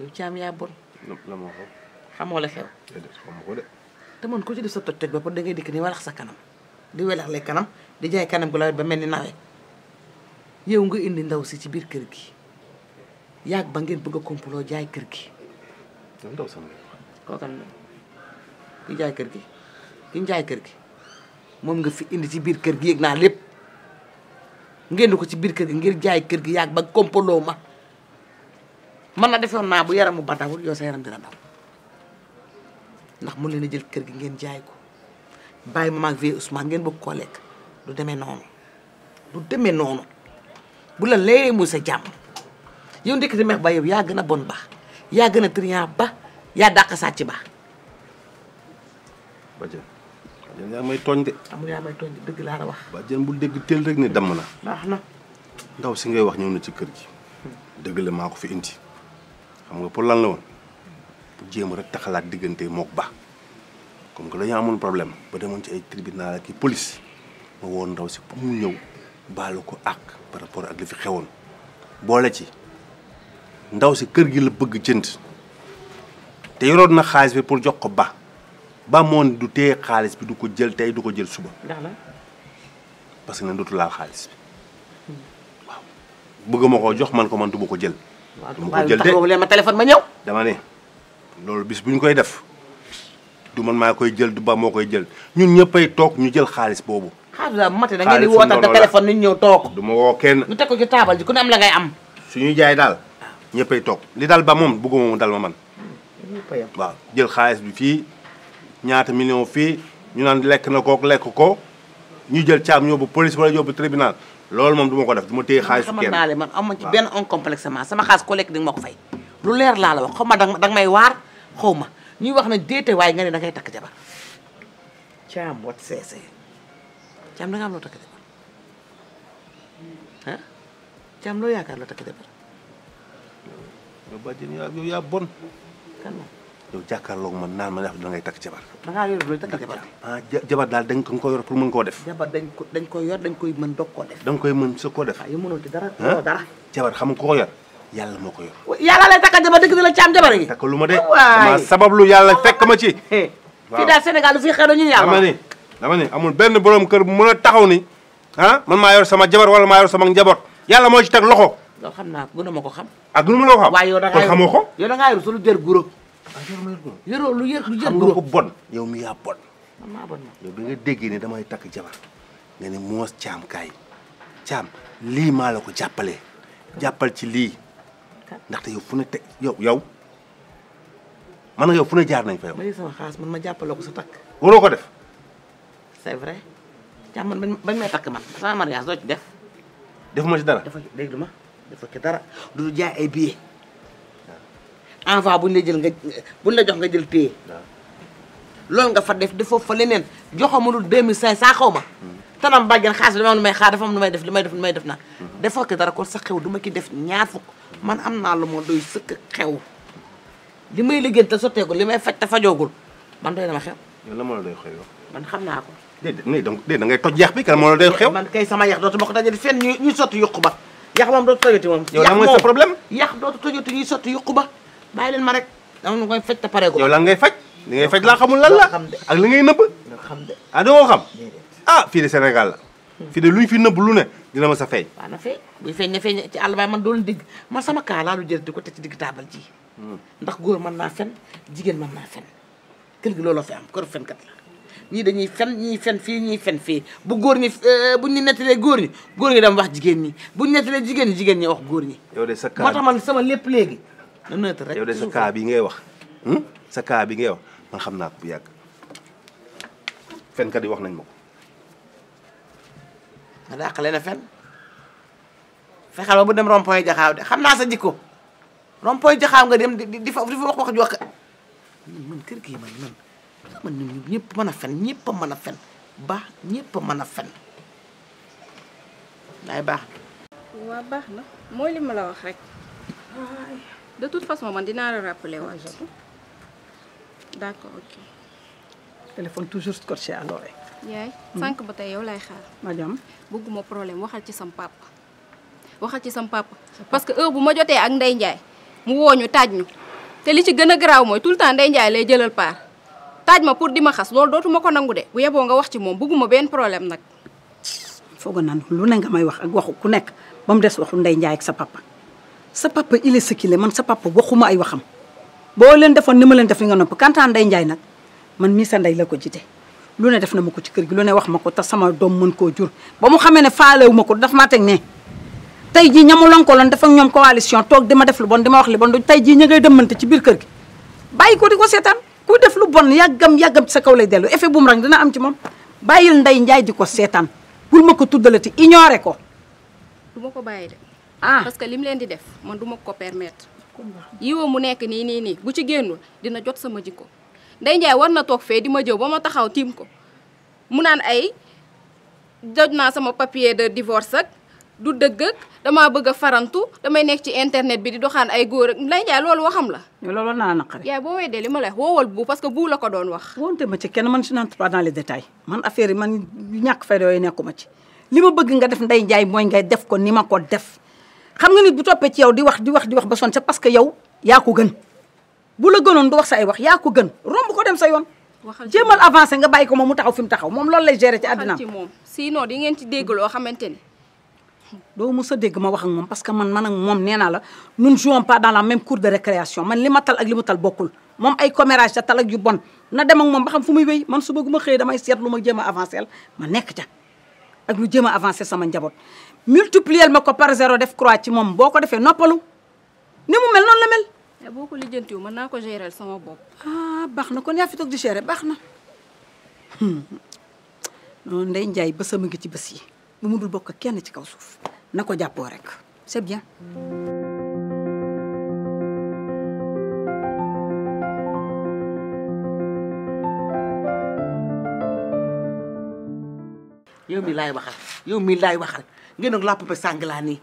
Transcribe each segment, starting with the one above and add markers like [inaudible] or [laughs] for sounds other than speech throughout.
yow caam yaa bon. la ma waxoon. xamoo la xew. te ci def sa toj ba pare dangay dikk ni walax sa kanam di welax le kanam di jaay kanam gu lawet ba mel ni nawet yow nga indi ndaw si ci biir kër gi yàgg ba ngeen bëgg a kompaloo jaay kër gi. ndaw ki jaay kër gi ki jaay kër gi moom nga fi indi ci biir kër gi naa lépp ngeen di ko ci biir kër gi ngir jaay kër gi yàgg ba kompaloo ma. man na defoon naa bu yaramu ba dawul yow sa yaram dina daw ndax mu leen a jël kër gi ngeen jaay ko bàyyi ma ak vieille Ousmane ngeen bëgg koo lekk du demee noonu du demee noonu bu la leeree mu sa jàmm yow ndekki di meex yaa gën a bon ba yaa gën a triant ba yaa dàq sàcc ba. Badiane Badiane yaa may tooñ de. amul yaa may tooñ de dëgg laa la wax. Badiane bul dégg teel rek ne damm na. baax na. ndaw si ngay wax ñëw na ci kër gi. dëgg la indi. xam nga pour lan la woon pour jéem rek taxalaat diggante mook ba comme que dañu amoon problème ba demoon ci ay tribunal ak i police ma woon ndaw si pour mu ñëw baalu ko ak par rapport ak li fi xewoon boole ci ndaw si kër gi la bëgg jënd te yoroon na xaalis bi pour jox ko ba ba moon du téye xaalis bi du ko jël tey du ko jël suba parce que ne du laal xaalis bi waaw bëgg ma koo jox man ko man du ma ko jël du ma ko jël de ma téléphone ma ñëw. dama ne loolu bis bu ñu koy def du man maa koy jël du ba moo koy jël ñun ñëppay toog ñu jël xaalis boobu. xaalis bu mate da ngeen di wootal te téléphone ñu ñëw toog. du ma woo kenn. ñu teg ko ci taabal ji ku am la ngay am. suñuy jaay daal ñëppay toog li daal ba moom bëgguma moom dal ma man. waaw jël xaalis bi fii ñaata million fii ñu naan lekk na kook lekk ko ñu jël caam bu police wala yóbbu tribunal. loolu moom du ma ko def du ma téye xaalis naa leen man am ma ci benn un complexe sama xaalis ko lekk di nga ma ko fay lu leer laa la wax xaw ma danga may waar xaw ma ñuy wax ne déete waaye nga ne dangay takk jabar caam wat seese caam am loo jabar caam loo yaakaar loo takk jabar yow bon yow jàkkaarloog man naan ma ne da ngay takk jabar. da ngaa yor looy takk jabar. ah jabar daal dañ ko yor pour mën koo def. jabar dañ ko dañ koy yor dañ koy mën doog koo def. dañ koy mën sa koo def. waaw ah, yow mënul ci dara ah, mënoo dara. jabar xam nga koo yor yàlla moo ko yor. yàlla lay takk jabar dëgg la la caam jabar yi. takk lu ma de dama sabablu yàlla fekk ma ci. waaw fii daal Sénégal lu fi xew ñu yàlla. dama ni dama ni amul benn borom kër bu mën a taxaw ni ah man maa yor sama jabar wala maa yor sama njaboot yàlla moo ci teg loxo. loolu xam naa gën a ma ko xam. ah gën a ma loo xam. waaye yow da ngaa yor kon xamoo ko. yow da ngaa yor sulu jër guro Ah, yoroo lu yë lu jër xam nga ko bon yow mi yaa bon maa bon yow bi nga déggee ne damay takk jabar nga ne moos caam kaay caam lii maa la ko jàppalee jàppal ci lii ndaxte yow fu ne teg yow yow man yow fu jaar nañ fa yow. ma sama xaas man ma jàppale ko sa takk. waroo ko def. c'est vrai caam man bañ may takk man sama mariage doo ci def. defuma ci dara dafa dégg ma ci dara du jaay ay envoi bu ñu la jël nga bu la jox nga jël téye loolu nga fa def dafa fa leneen joxo ma lu 2500 xaw ma hmm. tanam bàjjen xaalis bi dama am lu may xaar dafa am may def lu may def lu may def na hmm. defoo ko sa xew du ma ki def ñaar fukk man am naa lu ma doy sëkk xew li may ta te sotteegul li may faj te fajoogul man doy na ma xew yow la ma la doy xew yow man xam naa ko déedéet donc toj yàq bi kan moo la doy xew man kay sama yàq dootu ma ko dajale fenn ñuy sotti yuq ba yàq moom dootu tojoti moom yow lan mooy sa problème yàq dootu tojoti ñuy sotti yuq ba bàyyi leen ma rek dama nu koy te pare ko. yow lan ngay faj ngay faj laa xamul lan la ak li ngay nëbb. ah xam ah fii de Sénégal la. Hmm. fii de luy fi nëbb lu ne dina ma sa feeñ. waaw na feeñ buy feeñ ci àll baay man doon dégg sama kaa laa jël di ko te ci digg taabal ji. Hmm. ndax góor mën naa fen jigéen mën naa fen kër gi looloo fi am kër fenkat la ñii dañuy fen ñii fen fii ñii fen fii bu góor ñi eh, buñ ñu nettalee góor ñi góor ñi dama wax jigéen ñi buñ nettalee jigéen ñi jigéen ñi wax góor ñi. yow de sa tax man sama lépp léegi na nëtt rek yow de sa cas bi ngay wax hmm? sa bi ngay wax man xam naa ko bu yàgg fenkat yi wax nañ ma ko nga dàq leen fen fexeel bu dem rond-point de xam naa sa jikko rond-point jaxaaw nga dem di fa di fa wax wax ju wax man kër gi man man man mën a fen ñëpp a mën a fen baax ñëpp a mën a fen day baax na mooy li ma la wax rek de toute façon man dinaa la rappeler waat d'accord téléphone toujours scotché à l'oreille. yaay hmm? sànq ba tey yow lay xaar. madame bëgguma problème waxal ci sam papa. waxal ci sam parce que heure bu ma jotee ak Ndeye mu woo ñu taaj ñu te li ci gën a garaaw mooy tout le temps Ndeye Ndiaye lay jëlal paar taaj ma pour di ma xas loolu dootuma ko nangu de bu yeboo nga wax ci moom bëgguma benn problème nag. foog nan lu ne nga may wax ak waxu ku nekk ba mu des waxu Ndeye ak sa papa. sa papa il est ce man sa papa waxuma ay waxam boo leen defoon ni ma leen def nga nopp kantaan nday njaay nag man mii sa ndey la ko jite lu ne def na ma ko ci kër gi lu ne wax ma ko te sama doom mën koo jur ba mu xamee ne faalewu ma ko daf ma teg ne tey jii ñamu lonkoloon def ak ñoom coalition toog di def lu bon di ma wax li bon tey jii ña ngay dëmmante ci biir kër gi bàyyi ko di ko seetaan kuy def lu bon yàggam yàggam sa kaw lay dellu effet boomerang dina am ci moom bàyyil nday njaay di ko seetaan bul ma ko tuddalati ignoré ko du ma ko bàyyi de ah parce que lim leen di def man du duma ko permettre. yiwa mu nekk nii nii nii bu ci génnul dina jot sama jikko Ndeye Ndiaye war na toog fee di ma jëw ba ma taxaw tiim ko mu naan ay jot naa sama papier de divorce ak du dëgg ak bëgg a farantu damay nekk ci internet bi di doxaan ay góor ak Ndeye Ndiaye loolu waxam la. loolu naa naqari. yaay boo weddee li ma lay woowal bu parce que bu la ko doon wax. wonte ma ci kenn man si naan pas dans les détails man affaire yi man ñàkk fay yooyu nekkuma ci li ma bëgg nga def Ndeye mooy ngay def ko ni ma ko def. xam nga nit bu toppee ci yaw di wax di wax di wax ba son c'est parce que yow yaa ko gën bu la gënoon du wax sa ay wax yaa ko gën romb ko dem sa yoon. jéemal avance nga bàyyi ko moom mu taxaw fi mu taxaw moom loolu lay gérer ci àddinaam. waxal moom sinon di ngeen ci dégg loo xamante ni. doo mës a dégg ma wax ak moom parce que man man ak moom nee naa la nous ne jouons pas la même cour de récréation man li ma tal ak li tal bokkul. moom ay commérage ta tal ak yu na dem ak moom ba xam fu muy wéy man su bëgguma damay seet lu ma jéem a avancé ma nekk ca. ak lu jëm a avancé sama njaboot multiplier ma ko par zéro def croix ci moom boo ko defee noppalu ni mu mel noonu la mel. mais eh, boo ko lijjantiwul mën naa ko gérer sama bopp. ah baax na kon yaa fi toog di gérer baax na. Hmm. ndee njaay Ndiaye bësam a ngi ci bés yi bu mu dul bokk kenn ci kaw suuf na ko jàppoo rek c'est bien. yow mi laay waxal yow mi laay waxal ngeen ak la poupée Sangalaani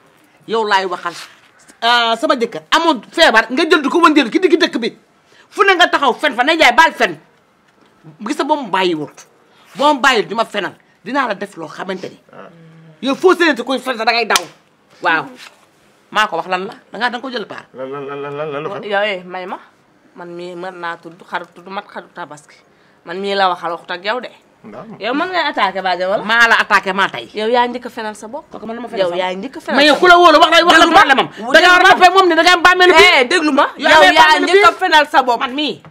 yow laay waxal ah, sama jëkkër amoon feebar nga jël di ko wëndeel ki digg dëkk bi fu ne nga taxaw fen fa ne jaay baal fen gis sa boo mu bàyyiwul boo mu bàyyiwul di ma fenal dinaa la def loo xamante ni ah. yow foo séenante koy fen sa dangay daw waaw maa ko wax lan la dangaa danga ko jël paar lan lan lan eh, may ma man mii mën naa tudd xaru tudd mat xaru tabaski man mii la waxal waxut ak yow de yow mën ngay attaqué Badiane wala. maa la attaqué maa tey. yow yaa njëkk fenal sa bopp. kooku man dama fenal sa bopp yow yaa njëkk sa a ma yow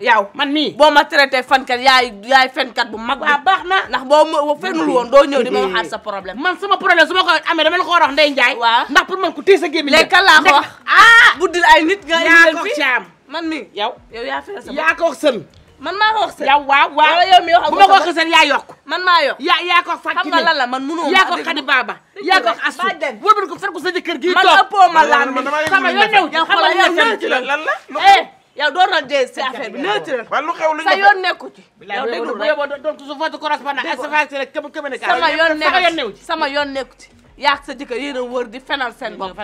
yaa a man mii boo ma traité fenkat ya yaay fenkat bu mag. waaw ah, baax na ndax boo fenul woon doo ñëw di ma waxaat sa problème. man sama problème su ma ko amee dama ko war a wax Ndeye Ndiaye. waaw ndax pour man ku téye sa gémmiñ. laa ko wax ah buddil ay nit nga indi leen man mi yow yow yaa fenal sa man maa ko wax seen. yow waaw waaw wala yow mi wax bu ma ko wax seen yaa yokk. man maa yokk yaa yaa ko wax fàttali. xam nga lan la man munoo maa yaa ko xadi baaba. yaa ko wax asu wóorul ko fekk ko sa jëkkër gii toog. man ëppoo ma laam bi sama yoon new yow xam nga yow nëw ci la lan la. Eh, yow doon na dee si affaire bi nëw ci la. waaw lu xew lu ñu sa yoon nekku ci. yow déglu bu yóbboo doon su foto correspondant ak sa fàtte rek képp képp ne ka sama yoon nekku ci sama yoon nekku ci yaa sa jëkkër yéen a wër di fenal seen bopp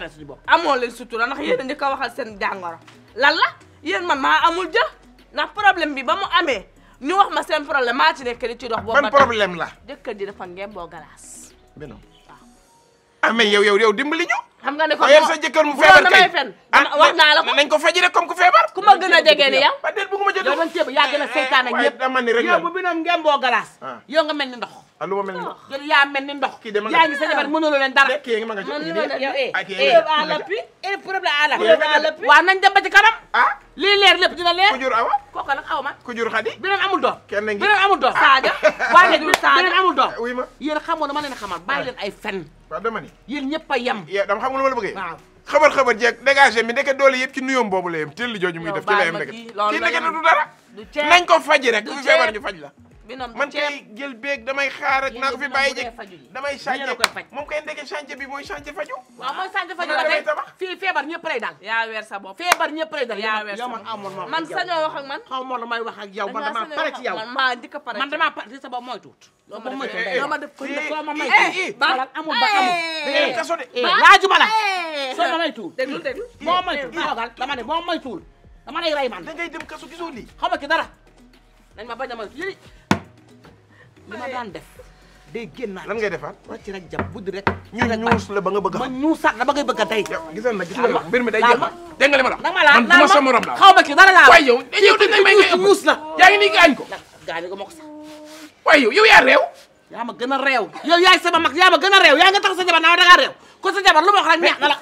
amoo leen sutura ndax yéen a njëkk a waxal seen jàngoro lan la yéen man maa amul jë ndax problème bi ba mu amee ñu wax ma seen problème maa ci nekk di ci dox. boobu ban problème la. jëkkër ji dafa ngeen boo galaas. benn waaw. ah mais yaw yow yow dimbali ñu. xam nga ne kon oh, yow sa jëkkër mu feebar kay ah, wax ko nañ ko fajire comme ku feebar. ku ma gën a jege ni yow. ba déet bëgguma jënd yow man ceeb yaa gën a seytaan ak ñëpp. waaye dama ni rek yow bu binam ngeen boo galaas. Ah. yow nga mel ni ndox. ah lu ma mel ni ndox yow yaa mel ni ndox. kii dama la yaa ngi sa jabar mënuloo leen dara. kii nga ma nga ci kii bi yow eh. eh, eh à l'appui et problème à l'appui. waaw nañ dem ba ci kanam. ah lii leer lépp dina leer. ku jur awa kooka nag aw ma. ku jur xadi. beneen amul doom. kenn ngi beneen amul doom. Ah. Sadio waaye [laughs] nag beneen amul doom. oui ma yéen xamoon na ma leen xamal bàyyi leen ay fen. waaw dama ni yéen ñëpp a yem. yow dama xam lu ma la bëggee. waaw xabar xabar jeeg dégagé mi ndeke doole yëpp ci nuyoom boobu la yem teel li jooju muy def ci la yem ndeke kii ndeke du dara nañ ko faji rek ku feebar ñu faj la man kay jël beeg damay xaar ak naa ko fi bàyyi jëg damay chantier moom kay ndeke chantier bi mooy chantier faju waaw mooy chantier faju ba tey fii feebar ñëpp lay dal yaa weer sa bopp feebar ñëpp lay dal yaa weer sa bopp yow man amoon ma man sañoo wax ak man xaw ma la may wax ak yow man damaa pare ci yow maa njëkk a pare man damaa pare ci sa bopp mooy tuut loolu ma moytu loolu ma def ko soo ma may ba amul ba amul kaso de laaju ma la soo ma may tuul déglu déglu boo moytu toogal dama ne boo moytuul dama lay rey man da ngay dem kaso gisoo lii xaw ma ci dara nañ ma bañ a moytu li ma daan def day génnaat lan ngay defaat wàcc rek jàpp buddi rek ñu ñuus la ba nga bëgg a ma ñuusaat la ba ngay bëgg a tey gisal na gis nga mbir mi day jeex dégg nga li yow yow dina may ngay ñuus la yaa ngi nii ko ma ko sax waay yow yow yaa réew ma gën a réew yow yaay sama mag yaa ma gën a réew yaa nga tax sa jabar naa dangaa réew ko sa jabar ma wax rek neex na la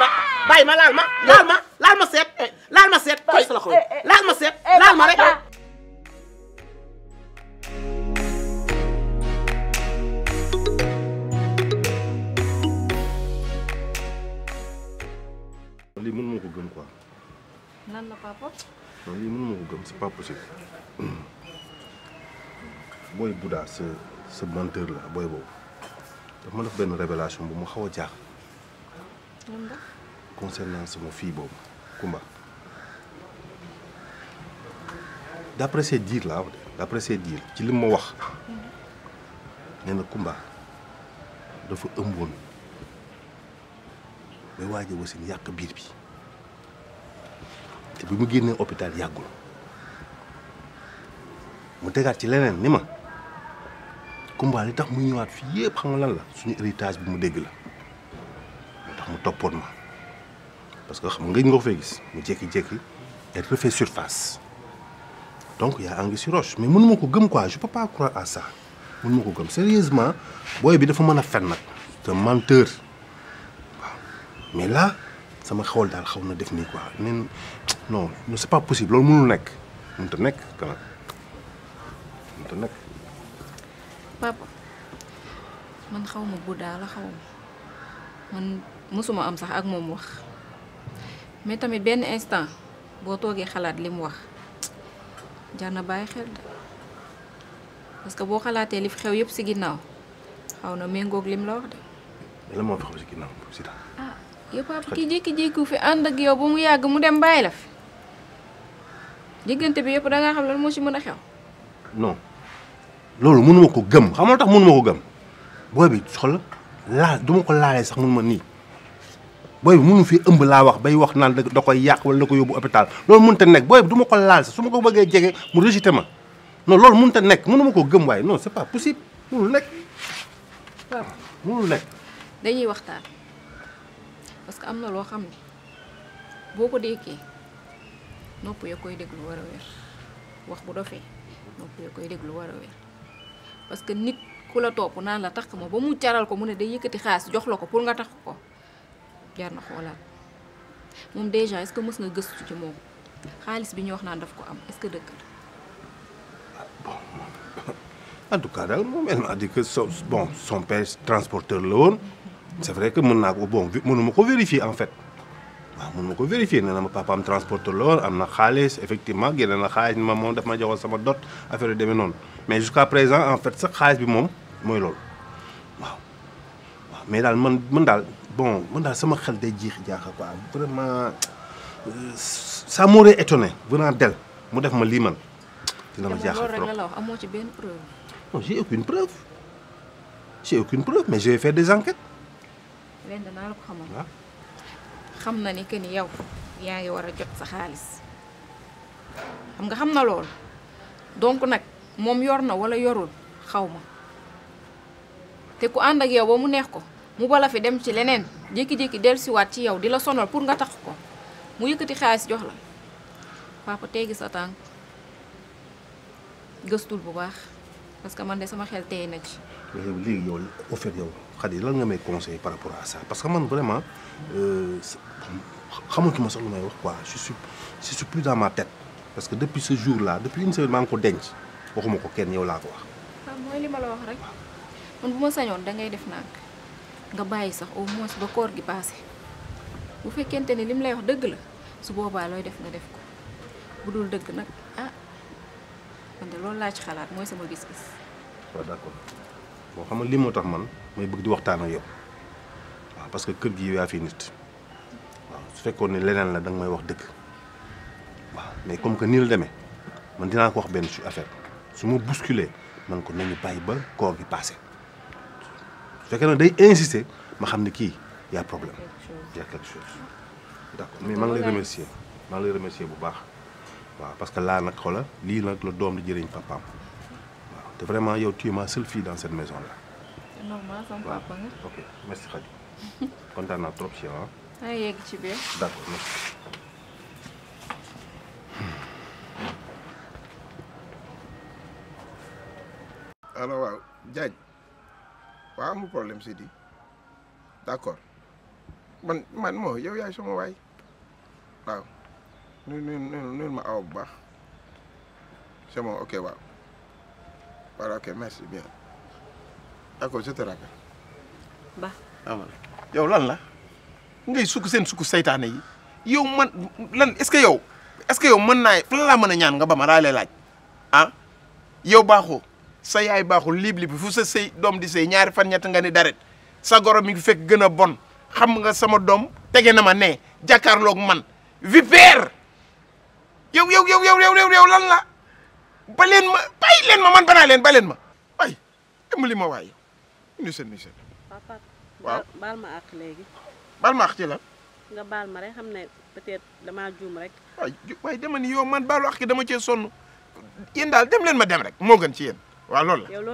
ma bàyyi ma laal ma laal ma laal ma seet eh. laal ma seet ko sa la xool eh, eh. laal ma seet laal ma rek lii mënu ma ko gëm quoi. nan la papa. lii mënu ko gëm c'est pas possible. booy la booy boobu dafa ma def benn révélation bu mu xaw a jaax. concernant sama fille boobu Kumba. d'après ses dires laa wax d'après ses ci li ma wax nee na Kumba dafa ëmboon bay waaj a wasin yàq biir bi. bi mu génnee hôpital yàggul mu tegaat ci leneen ni ma Kumba li tax mu ñëwaat fii yëpp xam nga lan la suñu héritage bi mu dégg la moo tax mu toppoon ma parce que xam nga nga ko fee gis mu jékki-jékki elle refait surface donc yaa angi si roche mais mënu ma ko gëm quoi je peux pas croire à ça mënu ma ko gëm sérieusement booy bi dafa mën a fen nag te menteur waaw mais là sama xawal daal xaw na def nii quoi neen non non c'est pas possible loolu mënul nekk nekk quand même nekk. papa man xaw ma guddaa la xaw ma man mosuma am sax ak moom wax mais tamit benn instant boo toogee xalaat li mu wax jar na bàyyi xel de parce que boo xalaatee li fi xew yëpp si ginnaaw xaw na méngóog lim la wax de. yow papa ki jékki-jékkiw fi ànd ak yow ba mu yàgg mu dem bàyyi la fi diggante bi yëpp da ngaa xam lan moo ci mën a xew. no loolu mënuma ko gëm xam nga tax mënuma ko gëm booy bi xol laal du ma ko laalee sax mënuma nii booy bi mënu ëmb laa wax bay wax naan da koy yàq wala da ko yóbbu hôpital loolu mënut a nekk booy bi ko laal sax su ma ko bëggee jege mu rejeté ma non loolu mënut a nekk mënuma ko gëm waaye non c'est pas possible mënul nekk waaw nekk. dañuy waxtaan. parce que am na loo xam ne boo ko dékkee nopp ya koy déglu war a wér wax bu dofee nopp ya koy déglu war a wér parce que nit ku la topp naan la takk ma ba mu jaral ko mu ne day yëkkati xaalis jox la ko pour nga takk ko jar na xoolaat moom déjà est que mës nga gëstu ci moom xaalis bi ñu wax naan daf ko am est-ce que dëgg la. [coughs] en tout cas daal moom elle m'a dit que son bon transporteur la woon. c'est vrai que mën naa ko bon mënuma ko vérifier en fait waaw mënuma ko vérifier nee na ma papaam transporteur la woon am na xaalis effectivement génne na xaalis ma moom daf sama dot affaire demee noonu mais jusqu'à présent en fait sax bi moom mooy loolu waaw daal man man daal bon daal sama xel day jiix jaaxa quoi vraiment euh, ça m'aurait mu def ma lii man dina ma jaaxal trop amoo ci benn preuve non j'ai mais je vais des enquêtes leen danaa la xam na ni que ni yow yaa ngi war a jot sa xaalis xam nga xam na lool donc nag moom yor na walla yorul xaw ma te ku ànd ak yow ba mu neex ko mu bala fi dem ci leneen jékki-jékki dellusiwaat ci yow di la sonal pour nga tax ko mu yëkkati xaalis jox la papa teggi sa tànk gëstul bu baax parce que man de sama xel tey na ci. mais yow Khady lan nga may conseil par rapport a ça parce que man vraiment euh, xamatuma sax lu may wax quoi je suis je suis plus dans ma tête parce que depuis ce jour laa depuis une semaine maa ngi ko denc waxuma ko kenn yow laa ko wax. Ah, mooy li ma la wax rek man bu ma sañoon da ngay def nànk nga bàyyi sax au moins ba koor gi passé bu fekkente ni li mu lay wax dëgg la su boobaa looy def nga def ko bu dul dëgg nag ah man de loolu laa ci xalaat mooy sama gis-gis. waaw d'accord. ko xam nga lii moo tax man may bëgg di waxtaan a yow parce que kër gi yaa fi nit waaw su fekkoon ne leneen la da nga may wax dëgg waaw mais comme que nii la demee man dinaa ko wax benn su affaire su ma bousculé man ko nañu bàyyi ba koor gi passé su fekkee nag day insister ma xam ne kii yaa a problème y a quelque chose d'accord mais maa lay remercier maa lay remercier bu baax waaw parce que laa nag xoola lii nag la doom di jëriñ papaam te vraiment yow tu dans cette maison là. c'est normal sama ok merci Khady [laughs] kontaan trop ci yow ah. maa yegg ci hmm. d'accord man man moo yow yaay sama nu nu nu ma aw bu baax Voilà, ok merci bien d'accord je ah, yow lan la ngay sukk seen sukk saytaane yi yow man lan est-ce que yow est-ce que yow mën naa lan laa mën a ñaan nga ba ma daa lay laaj ah yow baaxu sa yaay baaxul liib-liib fu sa sëy doom di sëy ñaari fan ñett nga ni daret sa goro mi ngi fekk gën a bon xam nga sama doom tege na ma ne jàkkaarloog man vipère yow yow yow yow yow lan la ba leen ma bàyyi ma man banaa leen ba leen ma ay dimbali ma waay nu seen nu seen papa ci la nga baal ma rek xam ne peut-être juum rek waaye dama ni yow man baalu àq ki dama cee sonn yéen daal dem leen ma dem rek moo gën ci yen waaw loolu la yow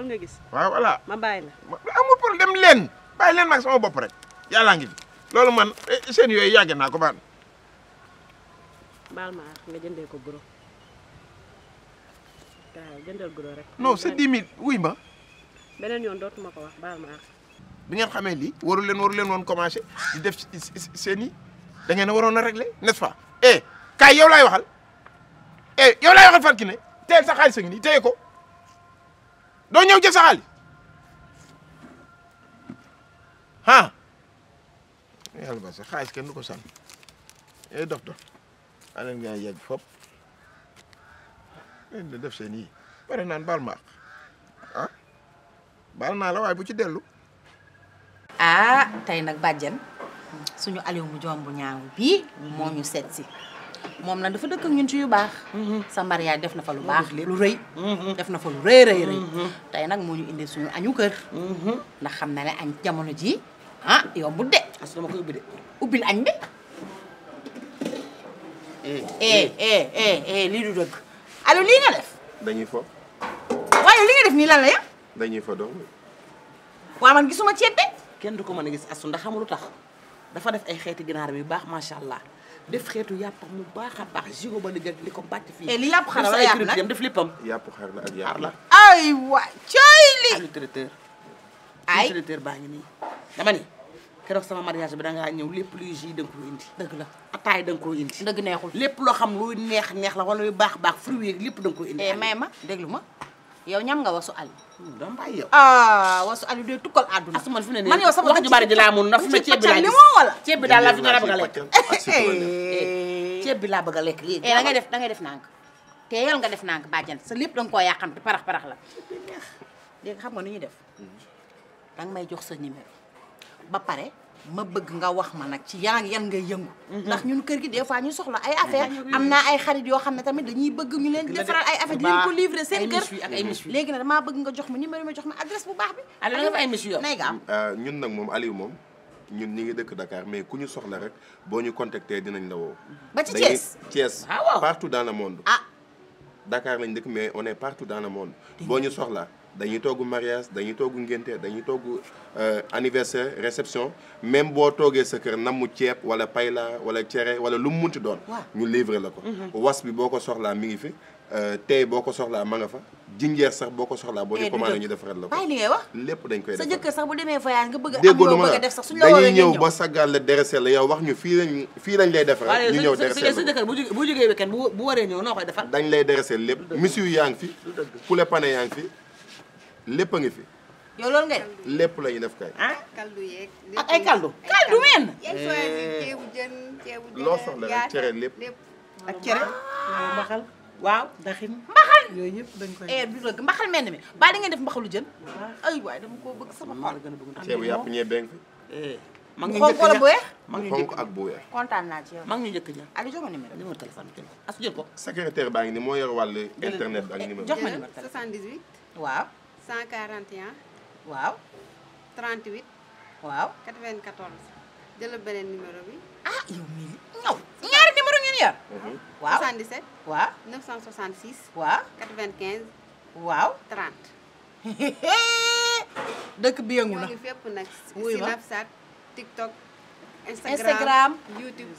ma bàyyi la amul problème leen bàyyi leen maag sama bopp rek yàllaa ngi fi loolu man eh, seen yooyu yàgg naa ko baan baal ma àq nga jëndee ko goro waaw jëndal gros rek. non c'est ma. beneen yoon dootuma bi ngeen xamee lii waru leen waru leen woon commencé di def seen dangeen da ngeen a waroon a régler n'est-ce eh, yow laay waxal eh yow laay waxal Fatou Kiné teel sa xaalis a ngi nii téye ko doo ñëw jël sa xaalis ah. yàlla ba sa xaalis kenn ko sànni eh dof yegg fop leen eh, di def seen yi naan baal ma ah baal naa la waaye bu ci dellu. ah tey nag bàjjen suñu Aliou mu bu ñaaw bii moo ñu seet si moom na dafa dëkk ñun ci yu baax. Mhm. sa def na fa lu baax lu rëy. Mhm. def na fa lu rëy rëy rëy. Mhm. nag moo ñu indi suñu añu kër. ndax xam na ne añ jamono ji ah yombul de. as dama koy de. ubbil añ bi. eh eh eh, eh, eh lii du dëgg. allo lii nga def. dañuy fo. waaye li nga def nii lan la ya dañuy fo dong. waa man gisuma ceeb de. kenn du ko mën a gis asu ndax xamul lu tax dafa def ay xeeti ginaar bi baax macha allah def xeetu yàpp mu baax a baax jigo ba liggéey li ko bàcc fii. et eh, li yàpp xar la yàpp nag def léppam. yàpp xar la ak yàpp la. ay wa cooy li. allo traiteur. ay traiteur baa ngi nii dama ni. keroog sama mariage bi dangaa ñëw lépp luy jus da nga indi. dëgg la ataay da nga koo indi. dëgg neexul lépp loo xam luy neex neex la wala luy baax baax fruit yeeg da ko indi. Eh, may ma déglu ma yow ñam nga wasu Aliou. Hmm, dama bàyyi yow. ah wasu Aliou de tukkal àdduna. asuma fi ne nii man sama wax bari di laa mun na fi ma ceeb bi laa gis ceeb a lekk. ceeb bi laa bëgg eh, lekk léegi. Eh, da ngay def da ngay def nànk te def nànk bàjjan sa lépp da nga koo yàqam te parax parax la léegi xam nga nu ñuy def hmm. danga may jox sa numéro ba pare ma bëgg nga wax ma nag ci yan ak yan ngay yëngu. Mhm. ndax ñun kër gi des fois ñu soxla ay affaire mhm. am naa ay xarit yoo xam ne tamit dañuy bëgg ñu leen defaral ay affaire di leen ko livrer seen kër. léegi nag damaa bëgg nga jox ma numéro ma jox ma ay monsieur nay nga am. Euh, ñun nag moom Aliou moom ñun ñi ngi dëkk Dakar mais ku ñu soxla rek boo ñu contacter dinañ la woo. Mhm. ba ci Thiès Thiès ah, partout dans le monde. ah Dakar lañ dëkk mais on est partout dans le monde boo ñu soxla dañuy togg mariage dañuy togg ngénte dañuy togg anniversaire réception même boo toogee sa kër namu ceeb wala payla wala cere wala lu mu munti doon. ñu livrer la ko. was bi boo ko soxlaa mi ngi fi. tey boo ko soxlaa ma nga fa jinjeer sax boo ko soxlaa boo ñu commandé ñu defaral la ko bàyyi li ngay wax lépp dañ koy defar sa jëkkër sax bu demee nga bëgg am loo bëgg a def sax suñu ñëw ba saggal la deresel la yow wax ñu fii lañ fii lañ lay defaral ñu ñëw deresel sa jëkkër bu jógee weekend bu waree ñëw noo koy defar dañ lay deresel lépp monsieur yaa ngi fi poulet pané yaa ngi fi lépp a ngi fi. yow loolu ngay lépp la def kay. ah kaldu yeeg. ak ay kaldu. kaldu meen. ceebu jën ceebu jën loo soxla rek cere lépp. ak cere ah. mbaxal waaw daxin. mbaxal yooyu yëpp dañ koy eh, ni mi ba da ngeen def mbaxalu jën. ay waay dama koo bëgg sama xol. ceebu yàpp ñee benn fi. Eh. ma ngi njëkk ña ma ngi njëkk ak bu weex. kontaan naa ci yow ma ngi njëkk ña. Aliou jox ma numéro numéro téléphone bi as ko. secrétaire baa ngi ni moo yor wàllu internet ak numéro. jox ma numéro téléphone 78. waaw. 141. waaw. 38. waaw 94. jëlal beneen numéro bi. ah yow mii ñaw ñaari numéro ngeen yor. Mhm. waaw 77. waaw 966. waaw 95. waaw 30. [laughs] ngi fépp nag. wuy ma Snapchat TikTok. Instagram Instagram YouTube.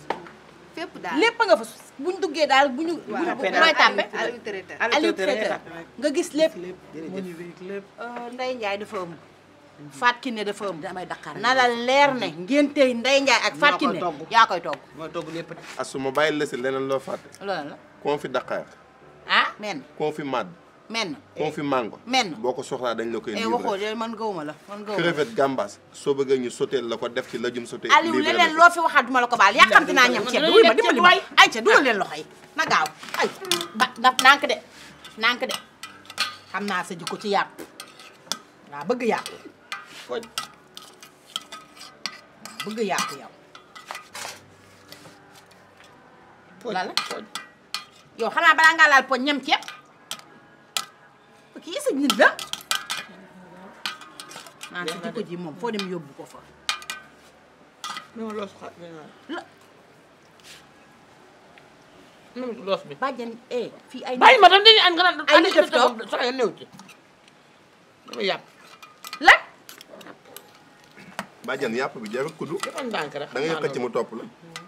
fépp daal lépp nga fa bu ñu duggee daal bu ñu. waaw mooy tàppe a traiteur Aliou nga gis lépp. lépp njaay euh, Ndiaye dafa ëmb. Fatou Kiné dafa ëmb damay Dakar na leer ne ngéntey Ndeye Ndiaye ak Fatou Kiné yaa koy togg. moo togg lépp asuma la si leneen loo fàtte. loolu la. fi Dakar. ah men menn confit mango boo ko soxlaa dañ la koy eh, livré waxoo de man gawuma la man gawuma la crevette gambas soo bëggee ñu soteel la ko def ci lajum sauté Aliou leneen loo fi waxaat duma la ko baal yàqamti naa ñam ceeb dugul ma dimbali na gaaw ay ba na nank de nank de xam naa sa jikko ci yàpp waa bëgg yàpp waaw bëgg yàpp yow lala yow xanaa balaa ngaa laal poñ ñam ceeb indil ba maanaam yóbbu ko fa bi bàjjan eh fii ay bàyyi ma tam dañuy am nga naan ay nit def toog soxla néew ci dama yàpp la bàjjan yàpp bi jafe kudd da ngay xëcc mu topp la